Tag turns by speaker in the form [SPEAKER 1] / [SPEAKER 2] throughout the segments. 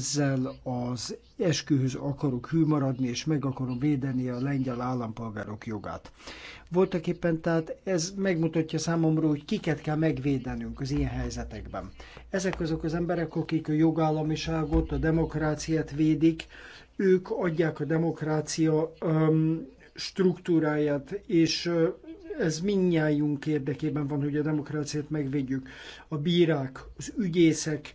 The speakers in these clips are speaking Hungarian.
[SPEAKER 1] ezzel az eskühöz akarok hű maradni, és meg akarom védeni a lengyel állampolgárok jogát. Voltak éppen, tehát ez megmutatja számomra, hogy kiket kell megvédenünk az ilyen helyzetekben. Ezek azok az emberek, akik a jogállamiságot, a demokráciát védik, ők adják a demokrácia um, struktúráját, és ez mindnyájunk érdekében van, hogy a demokráciát megvédjük. A bírák, az ügyészek,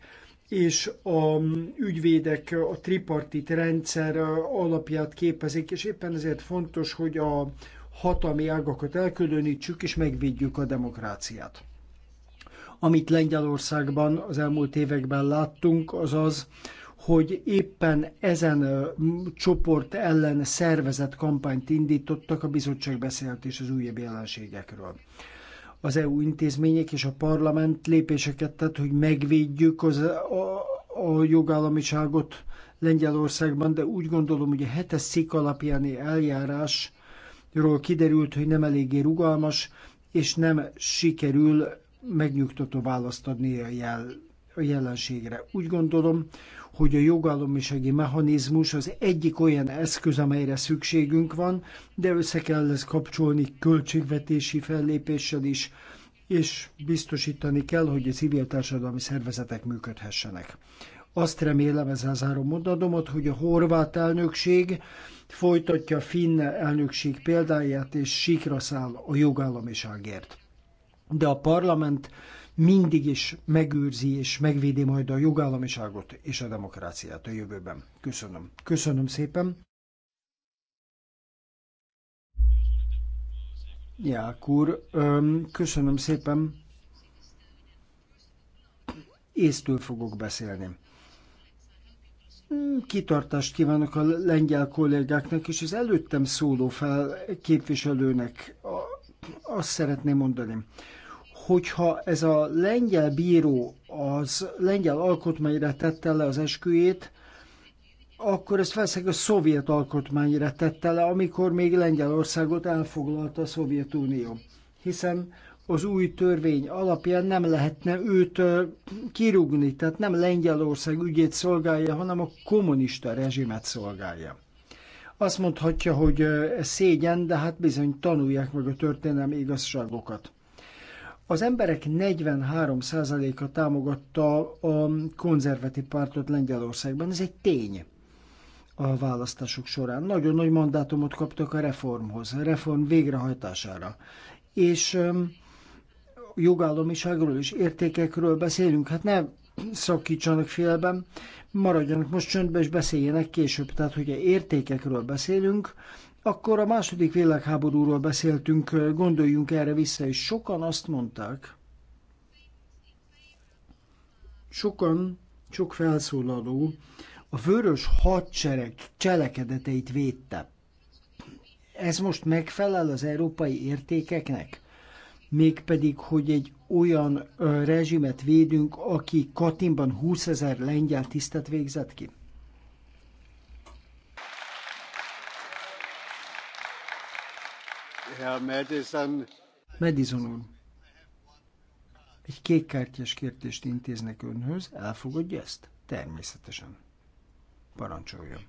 [SPEAKER 1] és a ügyvédek a tripartit rendszer alapját képezik, és éppen ezért fontos, hogy a hatalmi ágakat elkülönítsük és megvédjük a demokráciát. Amit Lengyelországban az elmúlt években láttunk, az az, hogy éppen ezen csoport ellen szervezett kampányt indítottak, a bizottság beszélt és az újabb jelenségekről az EU intézmények és a parlament lépéseket tett, hogy megvédjük az, a, a jogállamiságot Lengyelországban, de úgy gondolom, hogy a hetes szik alapjáni eljárásról kiderült, hogy nem eléggé rugalmas, és nem sikerül megnyugtató választ adni a, jel, a jelenségre. Úgy gondolom, hogy a jogállamisági mechanizmus az egyik olyan eszköz, amelyre szükségünk van, de össze kell ezt kapcsolni költségvetési fellépéssel is, és biztosítani kell, hogy a civil társadalmi szervezetek működhessenek. Azt remélem, ezzel zárom mondatomat, hogy a horvát elnökség folytatja a finn elnökség példáját, és sikra száll a jogállamiságért. De a parlament mindig is megőrzi és megvédi majd a jogállamiságot és a demokráciát a jövőben. Köszönöm. Köszönöm szépen. Jákur, köszönöm szépen. Észtől fogok beszélni. Hmm, kitartást kívánok a lengyel kollégáknak és az előttem szóló fel képviselőnek. Azt szeretném mondani, hogyha ez a lengyel bíró az lengyel alkotmányra tette le az esküjét, akkor ezt valószínűleg a szovjet alkotmányra tette le, amikor még Lengyelországot elfoglalta a Szovjetunió. Hiszen az új törvény alapján nem lehetne őt kirúgni, tehát nem Lengyelország ügyét szolgálja, hanem a kommunista rezsimet szolgálja. Azt mondhatja, hogy szégyen, de hát bizony tanulják meg a történelmi igazságokat. Az emberek 43%-a támogatta a konzervatív pártot Lengyelországban, ez egy tény a választások során. Nagyon nagy mandátumot kaptak a reformhoz, a reform végrehajtására. És jogállamiságról és értékekről beszélünk, hát ne szakítsanak félben, maradjanak most csöndben és beszéljenek később. Tehát, hogyha értékekről beszélünk, akkor a második világháborúról beszéltünk, gondoljunk erre vissza, és sokan azt mondták, sokan, sok felszólaló a vörös hadsereg cselekedeteit védte. Ez most megfelel az európai értékeknek? Mégpedig, hogy egy olyan rezsimet védünk, aki Katinban 20 ezer lengyel tisztet végzett ki? Madison. Madison úr, egy kékkártyás kérdést intéznek önhöz, elfogadja ezt? Természetesen. Parancsoljon.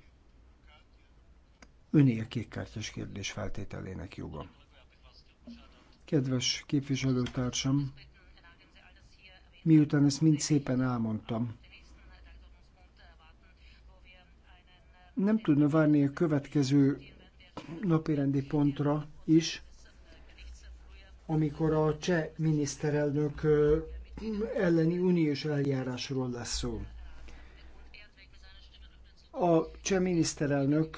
[SPEAKER 1] Öné a kékkártyás kérdés feltételének joga. Kedves képviselőtársam, miután ezt mind szépen elmondtam, nem tudna várni a következő napirendi pontra, is, amikor a cseh miniszterelnök elleni uniós eljárásról lesz szó. A cseh miniszterelnök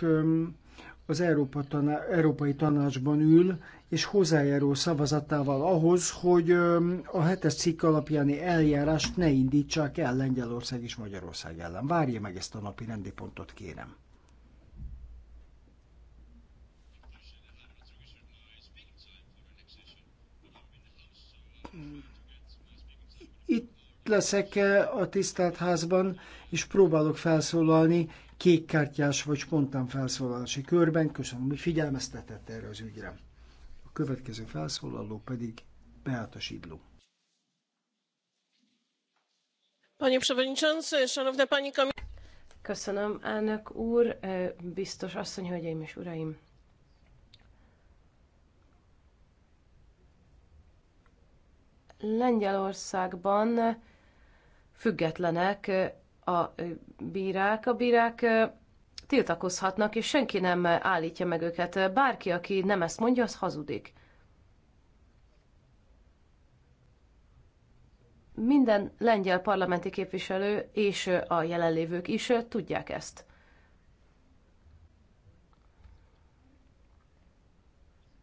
[SPEAKER 1] az Európa taná- Európai Tanácsban ül, és hozzájárul szavazatával ahhoz, hogy a hetes cikk alapjáni eljárást ne indítsák el Lengyelország és Magyarország ellen. Várja meg ezt a napi rendi pontot, kérem. leszek a tisztelt házban, és próbálok felszólalni kékkártyás vagy spontán felszólalási körben. Köszönöm, hogy figyelmeztetett erre az ügyre. A következő felszólaló pedig Beáta Sidló.
[SPEAKER 2] Panie Przewodniczący, Szanowna Pani Komisarz. Köszönöm, elnök úr, e, biztos asszony, hölgyeim és uraim. Lengyelországban függetlenek a bírák. A bírák tiltakozhatnak, és senki nem állítja meg őket. Bárki, aki nem ezt mondja, az hazudik. Minden lengyel parlamenti képviselő és a jelenlévők is tudják ezt.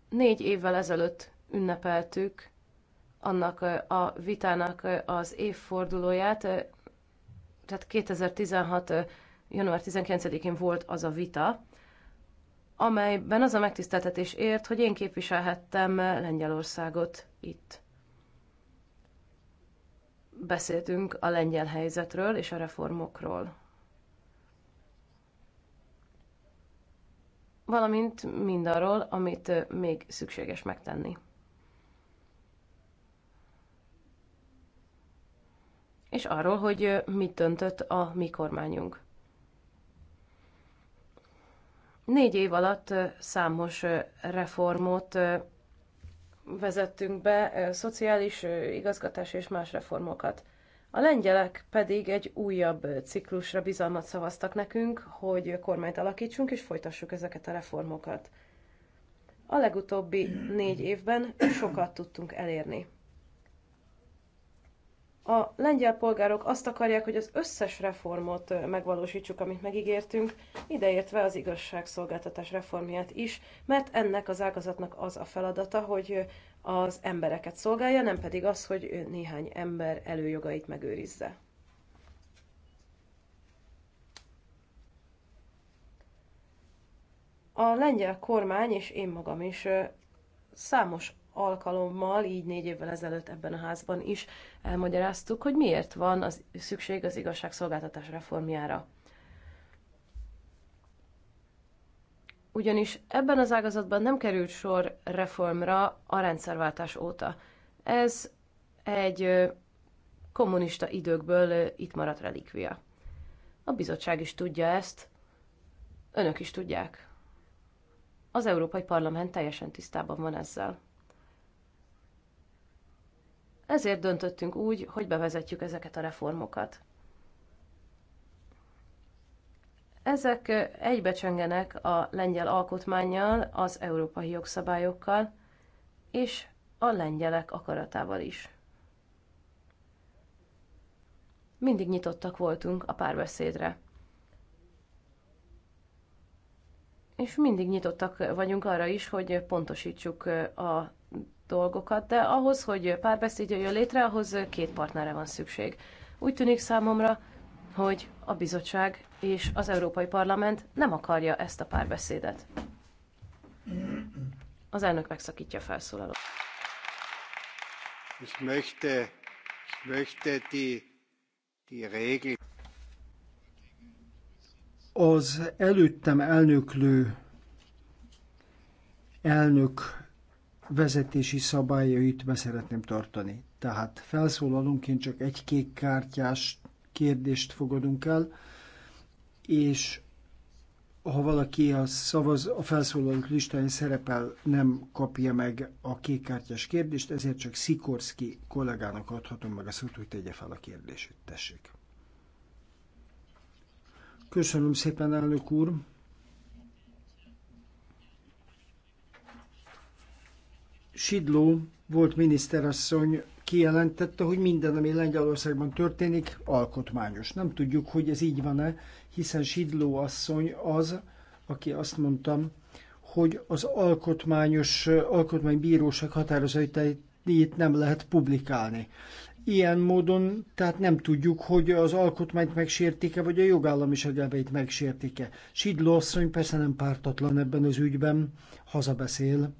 [SPEAKER 2] Négy évvel ezelőtt ünnepeltük annak a vitának az évfordulóját. Tehát 2016. január 19-én volt az a vita, amelyben az a megtiszteltetés ért, hogy én képviselhettem Lengyelországot itt. Beszéltünk a lengyel helyzetről és a reformokról. Valamint mindarról, amit még szükséges megtenni. és arról, hogy mit döntött a mi kormányunk. Négy év alatt számos reformot vezettünk be, szociális, igazgatás és más reformokat. A lengyelek pedig egy újabb ciklusra bizalmat szavaztak nekünk, hogy kormányt alakítsunk és folytassuk ezeket a reformokat. A legutóbbi négy évben sokat tudtunk elérni. A lengyel polgárok azt akarják, hogy az összes reformot megvalósítsuk, amit megígértünk, ideértve az igazságszolgáltatás reformját is, mert ennek az ágazatnak az a feladata, hogy az embereket szolgálja, nem pedig az, hogy néhány ember előjogait megőrizze. A lengyel kormány és én magam is számos alkalommal, így négy évvel ezelőtt ebben a házban is elmagyaráztuk, hogy miért van az szükség az igazságszolgáltatás reformjára. Ugyanis ebben az ágazatban nem került sor reformra a rendszerváltás óta. Ez egy kommunista időkből itt maradt relikvia. A bizottság is tudja ezt, önök is tudják. Az Európai Parlament teljesen tisztában van ezzel. Ezért döntöttünk úgy, hogy bevezetjük ezeket a reformokat. Ezek egybecsengenek a lengyel alkotmányjal, az európai jogszabályokkal, és a lengyelek akaratával is. Mindig nyitottak voltunk a párbeszédre. És mindig nyitottak vagyunk arra is, hogy pontosítsuk a dolgokat, de ahhoz, hogy párbeszéd jöjjön létre, ahhoz két partnere van szükség. Úgy tűnik számomra, hogy a bizottság és az Európai Parlament nem akarja ezt a párbeszédet. Az elnök megszakítja a felszólalót.
[SPEAKER 1] Ich möchte, ich möchte die, die Regel. Az előttem elnöklő elnök vezetési szabályait be szeretném tartani. Tehát felszólalónként csak egy kék kártyás kérdést fogadunk el, és ha valaki a, szavaz, a felszólalók listáján szerepel, nem kapja meg a kékkártyás kérdést, ezért csak Szikorszki kollégának adhatom meg a szót, hogy tegye fel a kérdését. Tessék. Köszönöm szépen, elnök úr! Sidló volt miniszterasszony kijelentette, hogy minden, ami Lengyelországban történik, alkotmányos. Nem tudjuk, hogy ez így van-e, hiszen Sidló asszony az, aki azt mondtam, hogy az alkotmányos, alkotmánybíróság határozatait nem lehet publikálni. Ilyen módon tehát nem tudjuk, hogy az alkotmányt megsértik-e, vagy a jogállamiság elveit megsértik-e. Sidló asszony persze nem pártatlan ebben az ügyben, hazabeszél,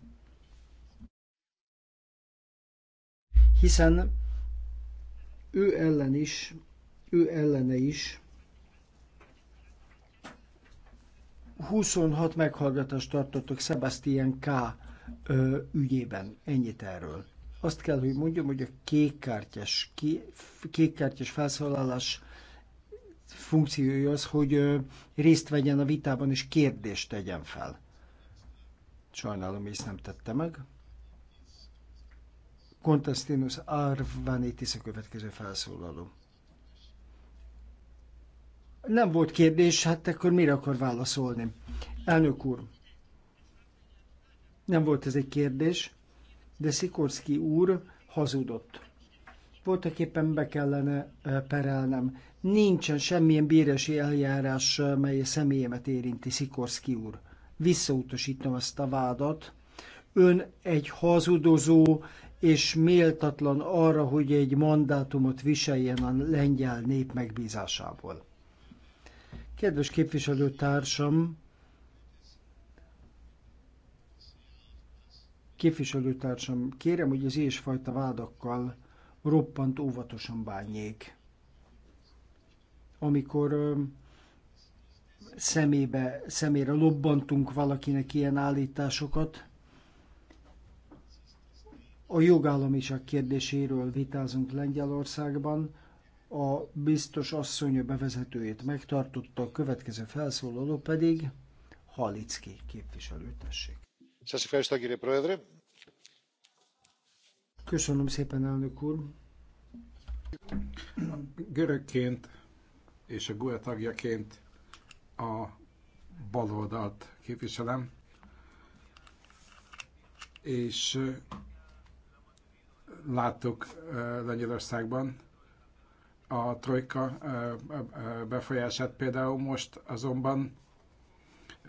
[SPEAKER 1] hiszen ő ellen is, ő ellene is 26 meghallgatást tartottak Sebastian K. ügyében. Ennyit erről. Azt kell, hogy mondjam, hogy a kékkártyás, kékkártyás felszólalás funkciója az, hogy részt vegyen a vitában és kérdést tegyen fel. Sajnálom, hogy ezt nem tette meg. Contestinus Arvanitis a következő felszólaló. Nem volt kérdés, hát akkor mire akar válaszolni? Elnök úr, nem volt ez egy kérdés, de Szikorszki úr hazudott. Voltak éppen be kellene perelnem. Nincsen semmilyen bíresi eljárás, mely a személyemet érinti, Szikorszki úr. Visszautasítom ezt a vádat. Ön egy hazudozó, és méltatlan arra, hogy egy mandátumot viseljen a lengyel nép megbízásából. Kedves képviselőtársam, képviselőtársam, kérem, hogy az ilyesfajta vádakkal roppant óvatosan bánjék. Amikor ö, szemébe, szemére lobbantunk valakinek ilyen állításokat, a jogállamiság kérdéséről vitázunk Lengyelországban. A biztos asszony bevezetőjét megtartotta, a következő felszólaló pedig Halicki képviselő, tessék. Köszönöm szépen, elnök úr.
[SPEAKER 3] Görögként és a GUE tagjaként a baloldalt képviselem, és láttuk Lengyelországban a trojka befolyását például most azonban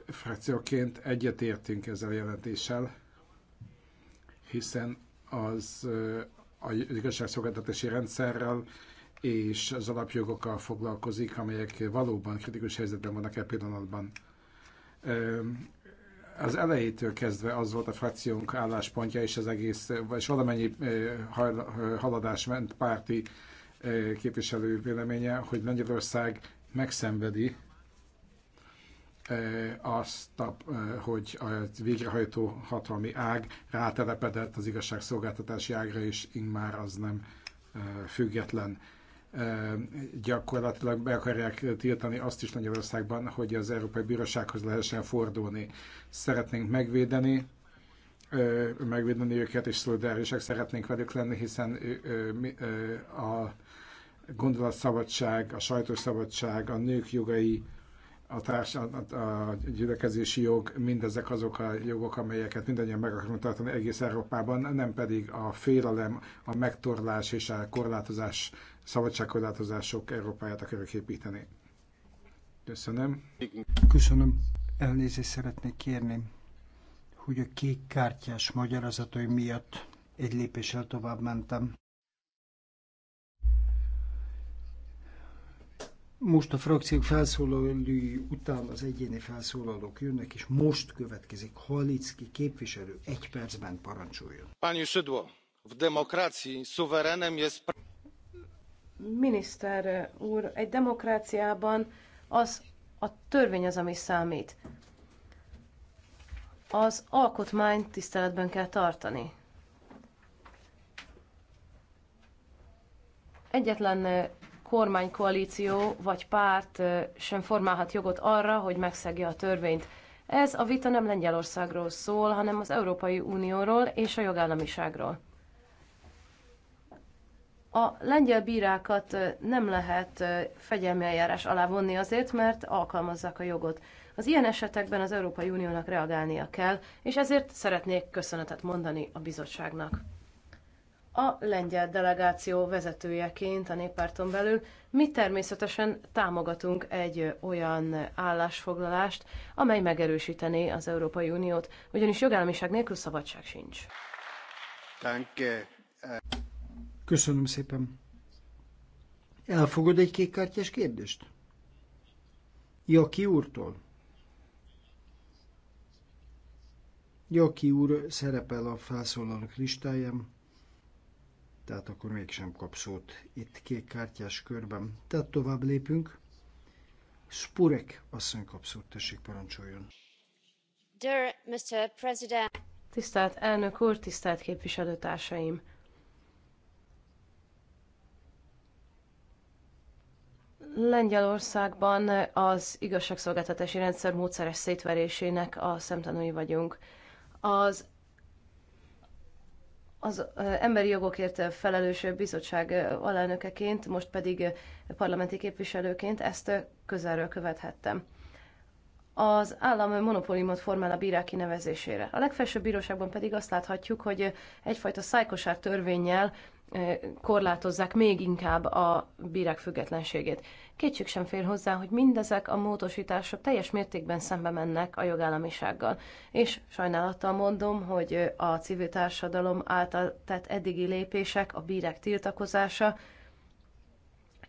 [SPEAKER 3] frakcióként egyetértünk ezzel a jelentéssel, hiszen az a igazságszolgáltatási rendszerrel és az alapjogokkal foglalkozik, amelyek valóban kritikus helyzetben vannak e pillanatban az elejétől kezdve az volt a frakciónk álláspontja, és az egész, és valamennyi haladás ment párti képviselő véleménye, hogy Magyarország megszenvedi azt, hogy a végrehajtó hatalmi ág rátelepedett az igazságszolgáltatási ágra, és immár az nem független gyakorlatilag be akarják tiltani azt is Lengyelországban, hogy az Európai Bírósághoz lehessen fordulni. Szeretnénk megvédeni, megvédeni őket, és szolidárisak szeretnénk velük lenni, hiszen a gondolatszabadság, a sajtószabadság, a nők jogai, a, társ, a gyülekezési jog, mindezek azok a jogok, amelyeket mindannyian meg akarunk tartani egész Európában, nem pedig a félelem, a megtorlás és a korlátozás, szabadságkorlátozások Európáját akarok építeni. Köszönöm.
[SPEAKER 1] Köszönöm. Elnézést szeretnék kérni, hogy a kék kártyás magyarázatai miatt egy lépéssel tovább mentem. Most a frakciók felszólalói után az egyéni felszólalók jönnek, és most következik Halicki képviselő egy percben parancsoljon.
[SPEAKER 4] Pányi Södvo, v demokrácii szuverenem jest...
[SPEAKER 2] Miniszter úr, egy demokráciában az a törvény az, ami számít. Az alkotmány tiszteletben kell tartani. Egyetlen kormánykoalíció vagy párt sem formálhat jogot arra, hogy megszegje a törvényt. Ez a vita nem Lengyelországról szól, hanem az Európai Unióról és a jogállamiságról. A lengyel bírákat nem lehet fegyelmi eljárás alá vonni azért, mert alkalmazzák a jogot. Az ilyen esetekben az Európai Uniónak reagálnia kell, és ezért szeretnék köszönetet mondani a bizottságnak a lengyel delegáció vezetőjeként a néppárton belül mi természetesen támogatunk egy olyan állásfoglalást, amely megerősítené az Európai Uniót, ugyanis jogállamiság nélkül szabadság sincs.
[SPEAKER 1] Köszönöm szépen. Elfogad egy kékkártyás kérdést? Jaki úrtól? Jaki úr szerepel a felszólalók listáján tehát akkor mégsem kap szót itt kék kártyás körben. Tehát tovább lépünk. Spurek asszony kap szót, tessék parancsoljon.
[SPEAKER 5] Dear Mr. President.
[SPEAKER 2] Tisztelt elnök úr, tisztelt képviselőtársaim! Lengyelországban az igazságszolgáltatási rendszer módszeres szétverésének a szemtanúi vagyunk. Az az emberi jogokért felelős bizottság alelnökeként, most pedig parlamenti képviselőként ezt közelről követhettem. Az állam monopóliumot formál a bírák kinevezésére. A legfelsőbb bíróságban pedig azt láthatjuk, hogy egyfajta szájkosár törvényjel korlátozzák még inkább a bírák függetlenségét. Kétség sem fér hozzá, hogy mindezek a módosítások teljes mértékben szembe mennek a jogállamisággal. És sajnálattal mondom, hogy a civil társadalom által tett eddigi lépések, a bírek tiltakozása,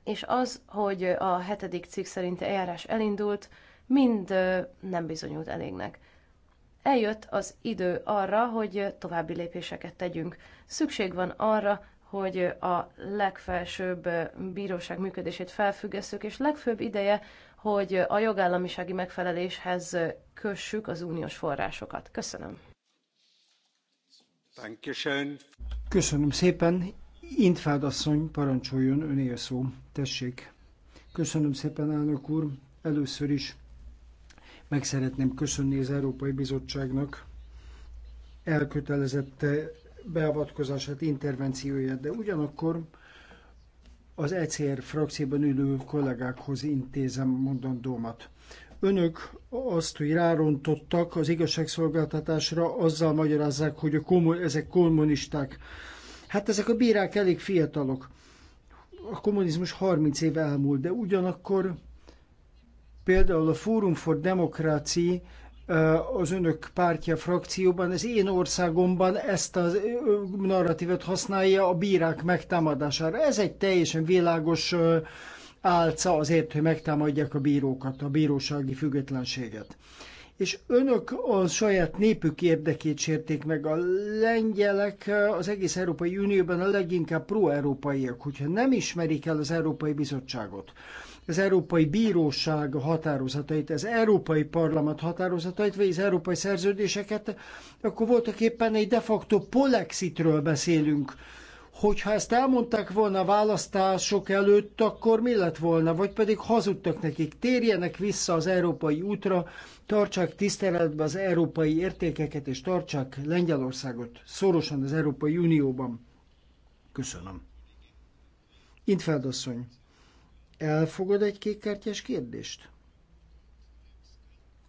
[SPEAKER 2] és az, hogy a hetedik cikk szerinti eljárás elindult, mind nem bizonyult elégnek eljött az idő arra, hogy további lépéseket tegyünk. Szükség van arra, hogy a legfelsőbb bíróság működését felfüggesszük, és legfőbb ideje, hogy a jogállamisági megfeleléshez kössük az uniós forrásokat. Köszönöm.
[SPEAKER 1] Köszönöm szépen. Intfád asszony, parancsoljon öné a szó. Tessék. Köszönöm szépen, elnök úr. Először is meg szeretném köszönni az Európai Bizottságnak elkötelezette beavatkozását, intervencióját, de ugyanakkor az ECR frakcióban ülő kollégákhoz intézem mondandómat. Önök azt, hogy rárontottak az igazságszolgáltatásra, azzal magyarázzák, hogy a komun- ezek kommunisták. Hát ezek a bírák elég fiatalok. A kommunizmus 30 éve elmúlt, de ugyanakkor például a Fórum for Democracy az önök pártja frakcióban, az én országomban ezt a narratívet használja a bírák megtámadására. Ez egy teljesen világos álca azért, hogy megtámadják a bírókat, a bírósági függetlenséget. És önök a saját népük érdekét sérték meg. A lengyelek az egész Európai Unióban a leginkább pro-európaiak, hogyha nem ismerik el az Európai Bizottságot, az Európai Bíróság határozatait, az Európai Parlament határozatait, vagy az európai szerződéseket, akkor voltak éppen egy de facto polexitről beszélünk. Hogyha ezt elmondták volna a választások előtt, akkor mi lett volna? Vagy pedig hazudtak nekik, térjenek vissza az európai útra, tartsák tiszteletbe az európai értékeket, és tartsák Lengyelországot szorosan az Európai Unióban. Köszönöm. Intfeld asszony. Elfogad egy kékkártyás kérdést?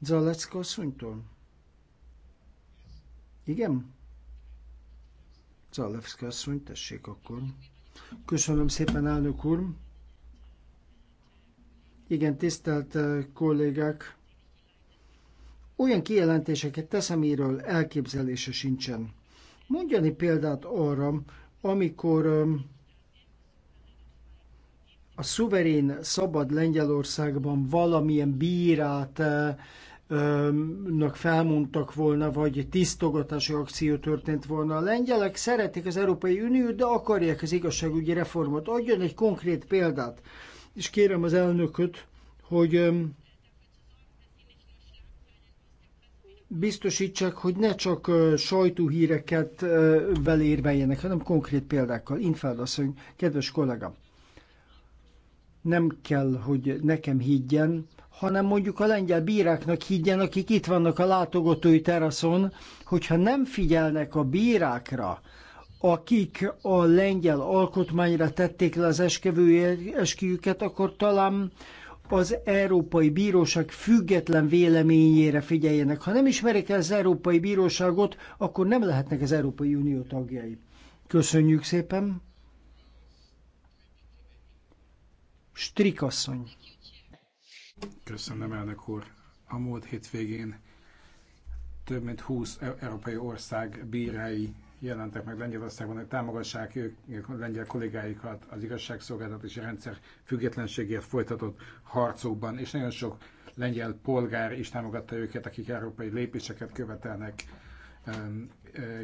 [SPEAKER 1] Zalecka asszonytól? Igen? Zalewska asszony, tessék akkor. Köszönöm szépen, elnök úr. Igen, tisztelt eh, kollégák, olyan kijelentéseket tesz, amiről elképzelése sincsen. Mondjani példát arra, amikor a szuverén szabad Lengyelországban valamilyen bírát felmondtak volna, vagy tisztogatási akció történt volna. A lengyelek szeretik az Európai Uniót, de akarják az igazságügyi reformot. Adjon egy konkrét példát, és kérem az elnököt, hogy biztosítsák, hogy ne csak sajtóhíreket belérveljenek, hanem konkrét példákkal. Infeld asszony, kedves kollégám! nem kell, hogy nekem higgyen, hanem mondjuk a lengyel bíráknak higgyen, akik itt vannak a látogatói teraszon, hogyha nem figyelnek a bírákra, akik a lengyel alkotmányra tették le az esküjüket, akkor talán az Európai Bíróság független véleményére figyeljenek. Ha nem ismerik el az Európai Bíróságot, akkor nem lehetnek az Európai Unió tagjai. Köszönjük szépen! Strikasszony.
[SPEAKER 3] Köszönöm, elnök úr. A múlt hétvégén több mint 20 e- európai ország bírái jelentek meg Lengyelországban, hogy támogassák ők, ők lengyel kollégáikat az a rendszer függetlenségért folytatott harcokban, és nagyon sok lengyel polgár is támogatta őket, akik európai lépéseket követelnek.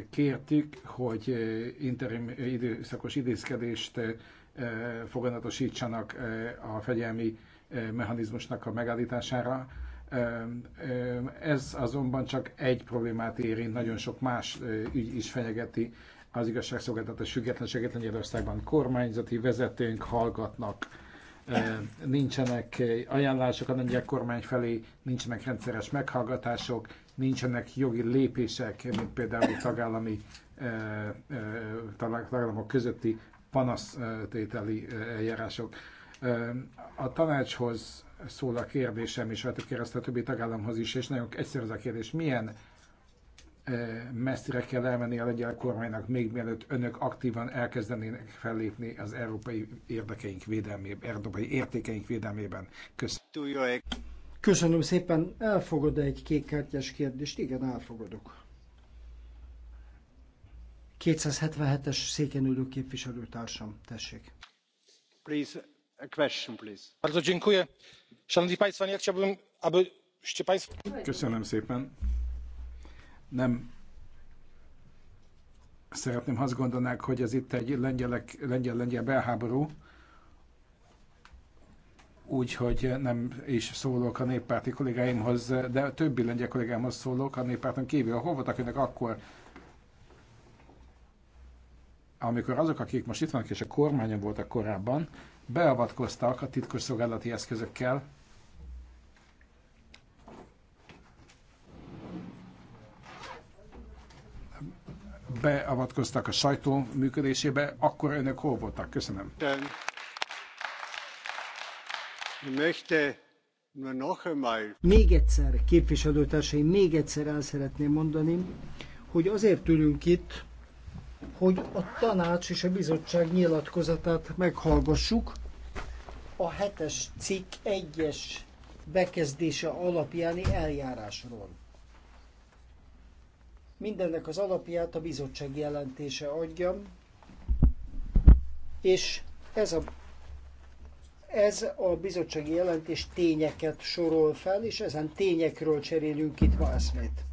[SPEAKER 3] Kértük, hogy interim időszakos idézkedést foganatosítsanak a fegyelmi mechanizmusnak a megállítására. Ez azonban csak egy problémát érint, nagyon sok más ügy is fenyegeti az igazságszolgáltatás függetlenséget Lengyelországban. Kormányzati vezetőnk hallgatnak, nincsenek ajánlások a lengyel kormány felé, nincsenek rendszeres meghallgatások, nincsenek jogi lépések, mint például tagállami tagállamok közötti panasztételi eljárások. A tanácshoz szól a kérdésem, és a hát kérdezte a többi tagállamhoz is, és nagyon egyszerű az a kérdés, milyen messzire kell elmenni a lengyel kormánynak, még mielőtt önök aktívan elkezdenének fellépni az európai érdekeink védelmében, európai értékeink védelmében. Köszönöm. Köszönöm
[SPEAKER 1] szépen. Elfogad -e egy kártyás kérdést? Igen, elfogadok. 277-es széken ülő képviselőtársam, tessék.
[SPEAKER 3] Köszönöm szépen. Nem szeretném, ha azt gondolnák, hogy ez itt egy lengyel-lengyel belháború, úgyhogy nem is szólok a néppárti kollégáimhoz, de többi lengyel kollégámhoz szólok a néppárton kívül. Hol voltak önök akkor, amikor azok, akik most itt vannak és a kormányon voltak korábban, beavatkoztak a titkos szolgálati eszközökkel, beavatkoztak a sajtó működésébe, akkor önök hol voltak? Köszönöm.
[SPEAKER 1] Még egyszer, képviselőtársaim, még egyszer el szeretném mondani, hogy azért ülünk itt, hogy a tanács és a bizottság nyilatkozatát meghallgassuk. A hetes cikk egyes bekezdése alapjáni eljárásról. Mindennek az alapját a bizottság jelentése adja, és ez a, ez a bizottsági jelentés tényeket sorol fel, és ezen tényekről cserélünk itt ma eszmét.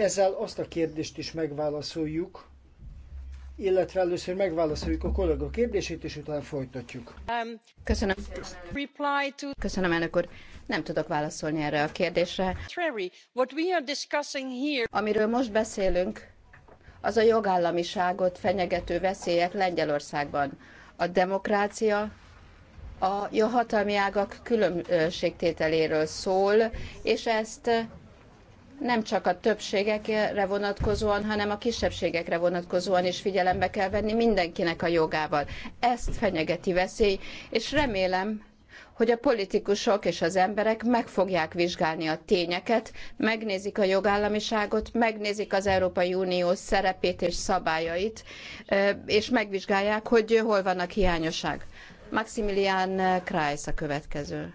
[SPEAKER 1] Ezzel azt a kérdést is megválaszoljuk, illetve először megválaszoljuk a kollega kérdését, és utána folytatjuk.
[SPEAKER 5] Köszönöm. Köszönöm, elnök úr. Nem tudok válaszolni erre a kérdésre. Amiről most beszélünk, az a jogállamiságot fenyegető veszélyek Lengyelországban. A demokrácia a hatalmi ágak különbségtételéről szól, és ezt nem csak a többségekre vonatkozóan, hanem a kisebbségekre vonatkozóan is figyelembe kell venni mindenkinek a jogával. Ezt fenyegeti veszély, és remélem, hogy a politikusok és az emberek meg fogják vizsgálni a tényeket, megnézik a jogállamiságot, megnézik az Európai Unió szerepét és szabályait, és megvizsgálják, hogy hol vannak hiányosság. Maximilian Kreis a következő.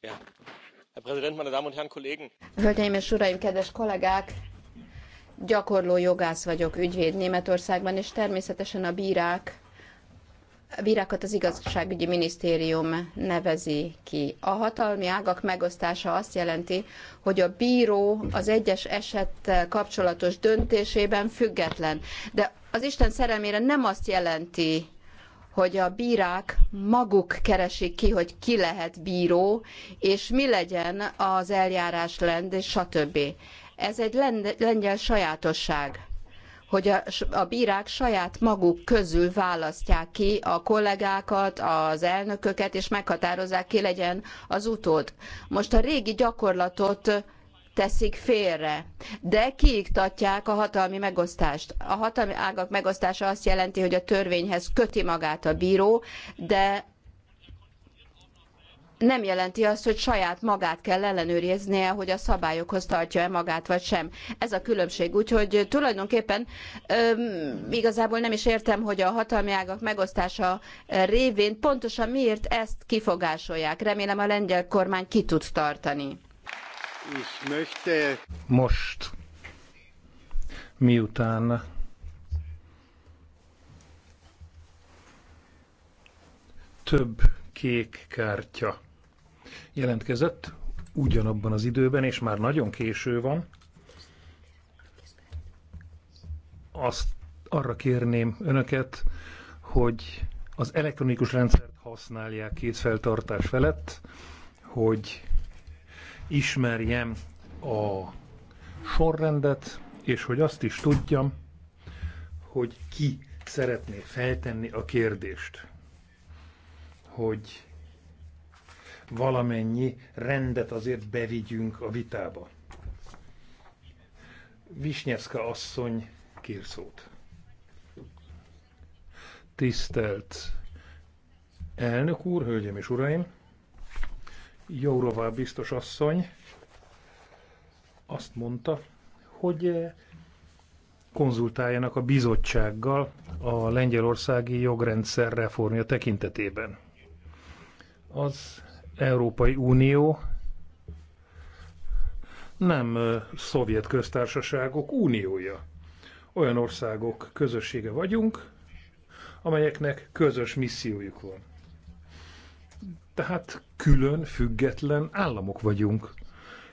[SPEAKER 5] Yeah. Hölgyeim és uraim, kedves kollégák! Gyakorló jogász vagyok, ügyvéd Németországban, és természetesen a bírák a bírákat az igazságügyi minisztérium nevezi ki. A hatalmi ágak megosztása azt jelenti, hogy a bíró az egyes eset kapcsolatos döntésében független. De az Isten szerelmére nem azt jelenti, hogy a bírák maguk keresik ki, hogy ki lehet bíró, és mi legyen az eljárás lend, és stb. Ez egy lengyel sajátosság hogy a, a bírák saját maguk közül választják ki a kollégákat, az elnököket, és meghatározzák, ki legyen az utód. Most a régi gyakorlatot teszik félre, de kiiktatják a hatalmi megosztást. A hatalmi ágak megosztása azt jelenti, hogy a törvényhez köti magát a bíró, de nem jelenti azt, hogy saját magát kell ellenőriznie, hogy a szabályokhoz tartja-e magát, vagy sem. Ez a különbség. Úgyhogy tulajdonképpen öm, igazából nem is értem, hogy a hatalmi ágak megosztása révén pontosan miért ezt kifogásolják. Remélem a lengyel kormány ki tud tartani.
[SPEAKER 4] Most, miután több kék kártya jelentkezett ugyanabban az időben, és már nagyon késő van, azt arra kérném önöket, hogy az elektronikus rendszert használják két feltartás felett, hogy ismerjem a sorrendet, és hogy azt is tudjam, hogy ki szeretné feltenni a kérdést, hogy valamennyi rendet azért bevigyünk a vitába. Visnyeszka asszony kér szót. Tisztelt elnök úr, hölgyem és uraim! Jourová biztos asszony azt mondta, hogy eh, konzultáljanak a bizottsággal a lengyelországi jogrendszer reformja tekintetében. Az Európai Unió nem eh, szovjet köztársaságok uniója. Olyan országok közössége vagyunk, amelyeknek közös missziójuk van. Tehát külön, független államok vagyunk.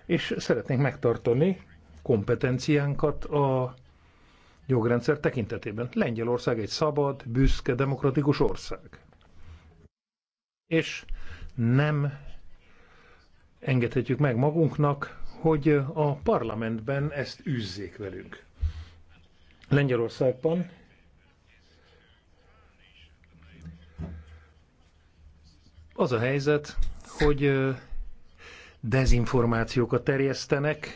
[SPEAKER 4] És szeretnénk megtartani kompetenciánkat a jogrendszer tekintetében. Lengyelország egy szabad, büszke, demokratikus ország. És nem engedhetjük meg magunknak, hogy a parlamentben ezt üzzék velünk. Lengyelországban Az a helyzet, hogy dezinformációkat terjesztenek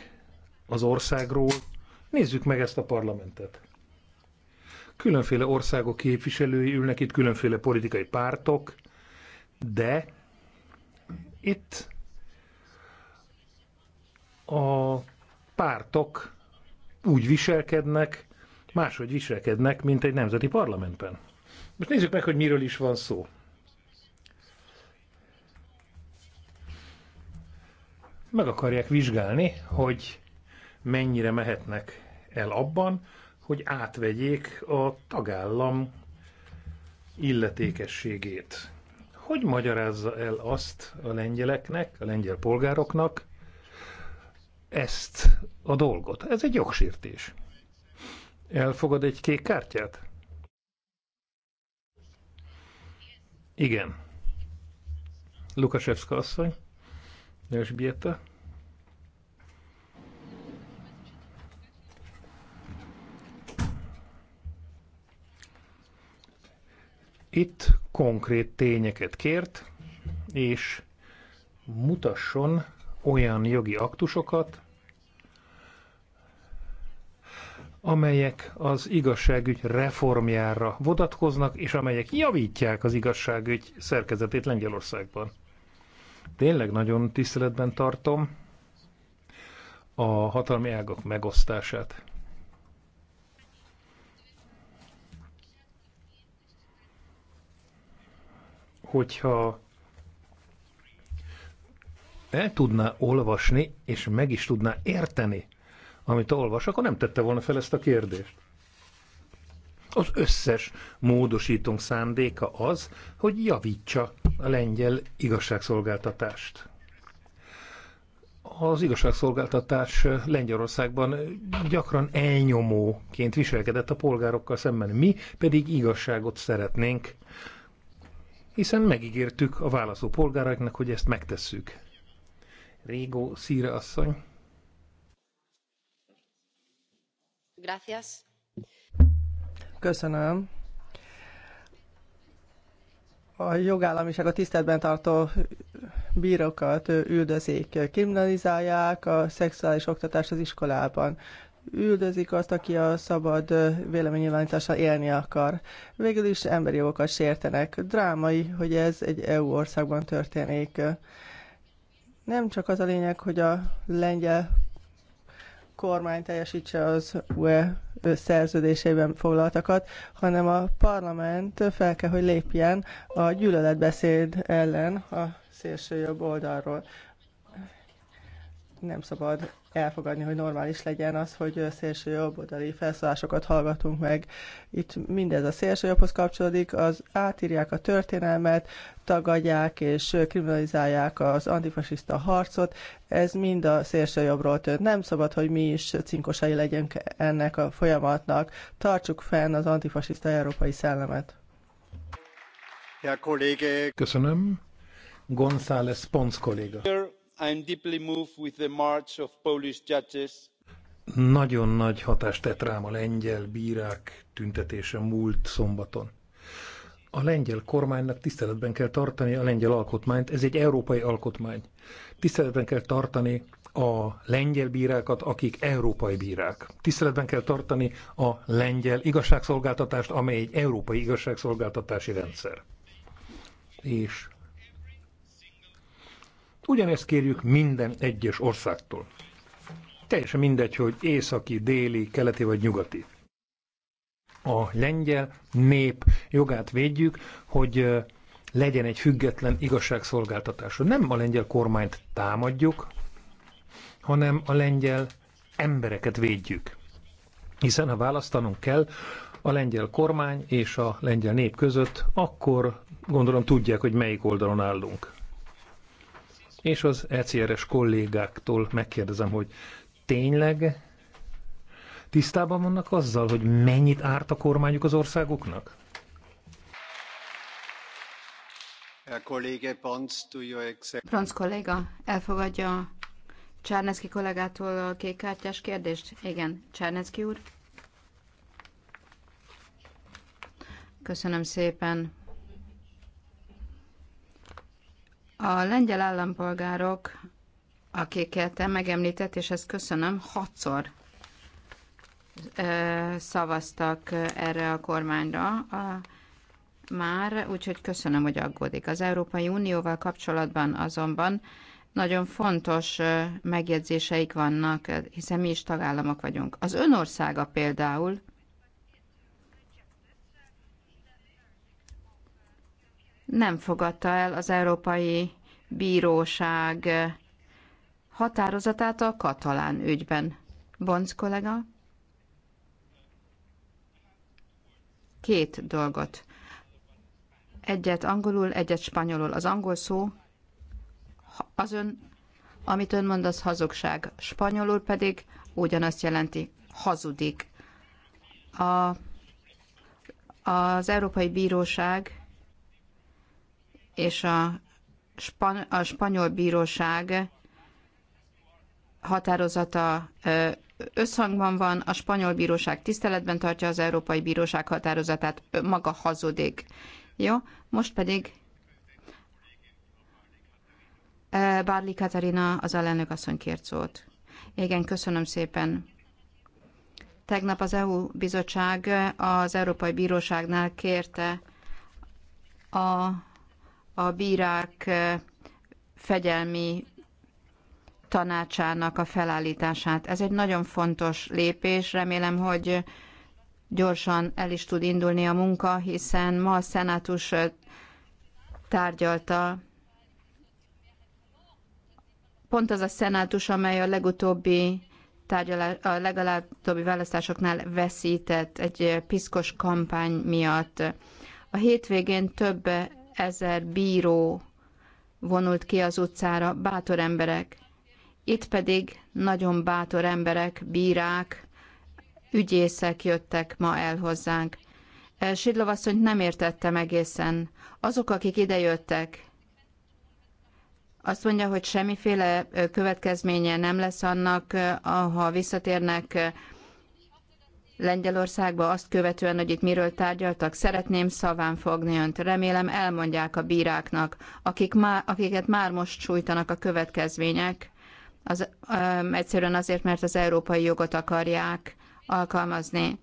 [SPEAKER 4] az országról. Nézzük meg ezt a parlamentet. Különféle országok képviselői ülnek itt, különféle politikai pártok, de itt a pártok úgy viselkednek, máshogy viselkednek, mint egy nemzeti parlamentben. Most nézzük meg, hogy miről is van szó. meg akarják vizsgálni, hogy mennyire mehetnek el abban, hogy átvegyék a tagállam illetékességét. Hogy magyarázza el azt a lengyeleknek, a lengyel polgároknak ezt a dolgot? Ez egy jogsértés. Elfogad egy kék kártyát? Igen. Lukasevska asszony. Elżbieta. Itt konkrét tényeket kért, és mutasson olyan jogi aktusokat, amelyek az igazságügy reformjára vonatkoznak, és amelyek javítják az igazságügy szerkezetét Lengyelországban. Tényleg nagyon tiszteletben tartom a hatalmi ágak megosztását. Hogyha el tudná olvasni, és meg is tudná érteni, amit olvas, akkor nem tette volna fel ezt a kérdést. Az összes módosítónk szándéka az, hogy javítsa a lengyel igazságszolgáltatást. Az igazságszolgáltatás Lengyelországban gyakran elnyomóként viselkedett a polgárokkal szemben. Mi pedig igazságot szeretnénk, hiszen megígértük a válaszó polgáraknak, hogy ezt megtesszük. Régó Szíre asszony.
[SPEAKER 5] Gracias.
[SPEAKER 6] Köszönöm. A jogállamiság a tiszteletben tartó bírókat üldözik, kriminalizálják a szexuális oktatást az iskolában üldözik azt, aki a szabad véleménynyilvánítással élni akar. Végül is emberi jogokat sértenek. Drámai, hogy ez egy EU országban történik. Nem csak az a lényeg, hogy a lengyel kormány teljesítse az UE szerződéseiben foglaltakat, hanem a parlament fel kell, hogy lépjen a gyűlöletbeszéd ellen a szélső jobb oldalról. Nem szabad elfogadni, hogy normális legyen az, hogy szélső jobboldali felszólásokat hallgatunk meg. Itt mindez a szélső jobbhoz kapcsolódik, az átírják a történelmet, tagadják és kriminalizálják az antifasiszta harcot. Ez mind a szélső jobbról tört. Nem szabad, hogy mi is cinkosai legyünk ennek a folyamatnak. Tartsuk fenn az antifasiszta európai szellemet.
[SPEAKER 4] Köszönöm. González Pons kolléga. Nagyon nagy hatást tett rám a lengyel bírák tüntetése múlt szombaton. A lengyel kormánynak tiszteletben kell tartani a lengyel alkotmányt, ez egy európai alkotmány. Tiszteletben kell tartani a lengyel bírákat, akik európai bírák. Tiszteletben kell tartani a lengyel igazságszolgáltatást, amely egy európai igazságszolgáltatási rendszer. És Ugyanezt kérjük minden egyes országtól. Teljesen mindegy, hogy északi, déli, keleti vagy nyugati. A lengyel nép jogát védjük, hogy legyen egy független igazságszolgáltatása. Nem a lengyel kormányt támadjuk, hanem a lengyel embereket védjük. Hiszen ha választanunk kell a lengyel kormány és a lengyel nép között, akkor gondolom tudják, hogy melyik oldalon állunk és az ECRS kollégáktól megkérdezem, hogy tényleg tisztában vannak azzal, hogy mennyit árt a kormányuk az országoknak?
[SPEAKER 5] Bronz kolléga elfogadja Csárneszki kollégától a kékkártyás kérdést? Igen, Csárneszki úr. Köszönöm szépen. A lengyel állampolgárok, akiket megemlített, és ezt köszönöm, hatszor szavaztak erre a kormányra a, már, úgyhogy köszönöm, hogy aggódik. Az Európai Unióval kapcsolatban azonban nagyon fontos megjegyzéseik vannak, hiszen mi is tagállamok vagyunk. Az önországa például nem fogadta el az Európai Bíróság határozatát a katalán ügyben. Bonc kollega? Két dolgot. Egyet angolul, egyet spanyolul. Az angol szó az ön, amit ön mond, az hazugság. Spanyolul pedig ugyanazt jelenti, hazudik. A, az Európai Bíróság és a, span, a spanyol bíróság határozata összhangban van, a spanyol bíróság tiszteletben tartja az Európai Bíróság határozatát, maga hazudik. Jó, most pedig Bárli Katarina, az alelnök asszony kért szót. Igen, köszönöm szépen. Tegnap az EU bizottság az Európai Bíróságnál kérte a a bírák eh, fegyelmi tanácsának a felállítását. Ez egy nagyon fontos lépés, remélem, hogy gyorsan el is tud indulni a munka, hiszen ma a szenátus eh, tárgyalta pont az a szenátus, amely a legutóbbi tárgyalás, a többi választásoknál veszített egy piszkos kampány miatt. A hétvégén több ezer bíró vonult ki az utcára, bátor emberek. Itt pedig nagyon bátor emberek, bírák, ügyészek jöttek ma el hozzánk. Eh, Sidlov asszonyt nem értettem egészen. Azok, akik idejöttek, azt mondja, hogy semmiféle eh, következménye nem lesz annak, eh, ha visszatérnek Lengyelországba azt követően, hogy itt miről tárgyaltak, szeretném szaván fogni önt. Remélem elmondják a bíráknak, akik má, akiket már most sújtanak a következmények, az, öm, egyszerűen azért, mert az európai jogot akarják alkalmazni.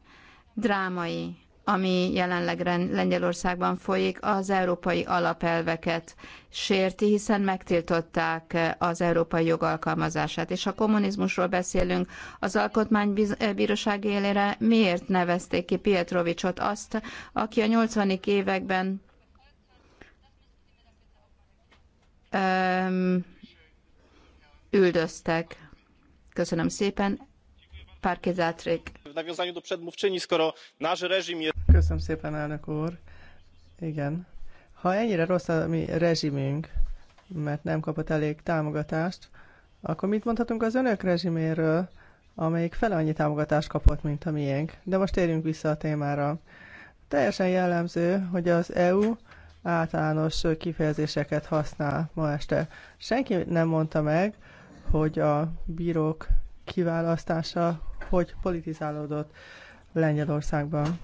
[SPEAKER 5] Drámai, ami jelenleg Lengyelországban folyik, az európai alapelveket sérti, hiszen megtiltották az európai jogalkalmazását. És ha kommunizmusról beszélünk, az alkotmánybíróság eh, élére miért nevezték ki Pietrovicsot azt, aki a 80 években öm, üldöztek. Köszönöm szépen.
[SPEAKER 6] Párkizátrék
[SPEAKER 5] nawiązaniu do przedmówczyni, skoro nasz reżim jest...
[SPEAKER 6] Köszönöm szépen, elnök úr. Igen. Ha ennyire rossz a mi rezsimünk, mert nem kapott elég támogatást, akkor mit mondhatunk az önök rezsiméről, amelyik fel annyi támogatást kapott, mint a miénk? De most térjünk vissza a témára. Teljesen jellemző, hogy az EU általános kifejezéseket használ ma este. Senki nem mondta meg, hogy a bírók kiválasztása hogy politizálódott Lengyelországban.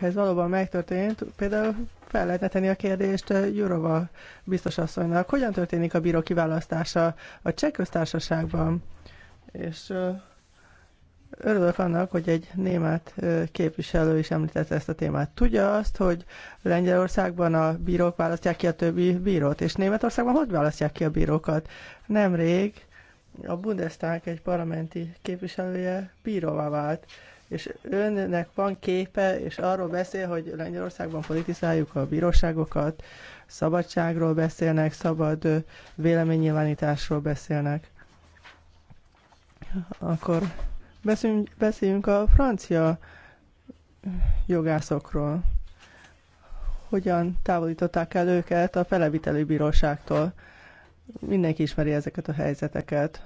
[SPEAKER 6] Ez valóban megtörtént. Például fel lehetne tenni a kérdést eh, Jurova biztosasszonynak, hogyan történik a bíró kiválasztása a cseh köztársaságban. És eh, örülök annak, hogy egy német eh, képviselő is említette ezt a témát. Tudja azt, hogy Lengyelországban a bírók választják ki a többi bírót, és Németországban hogy választják ki a bírókat? Nemrég a Bundestag egy parlamenti képviselője bíróvá vált, és önnek van képe, és arról beszél, hogy Lengyelországban politizáljuk a bíróságokat, szabadságról beszélnek, szabad véleménynyilvánításról beszélnek. Akkor beszéljünk, beszéljünk a francia jogászokról. Hogyan távolították el őket a felevitelő bíróságtól? Mindenki ismeri ezeket a helyzeteket.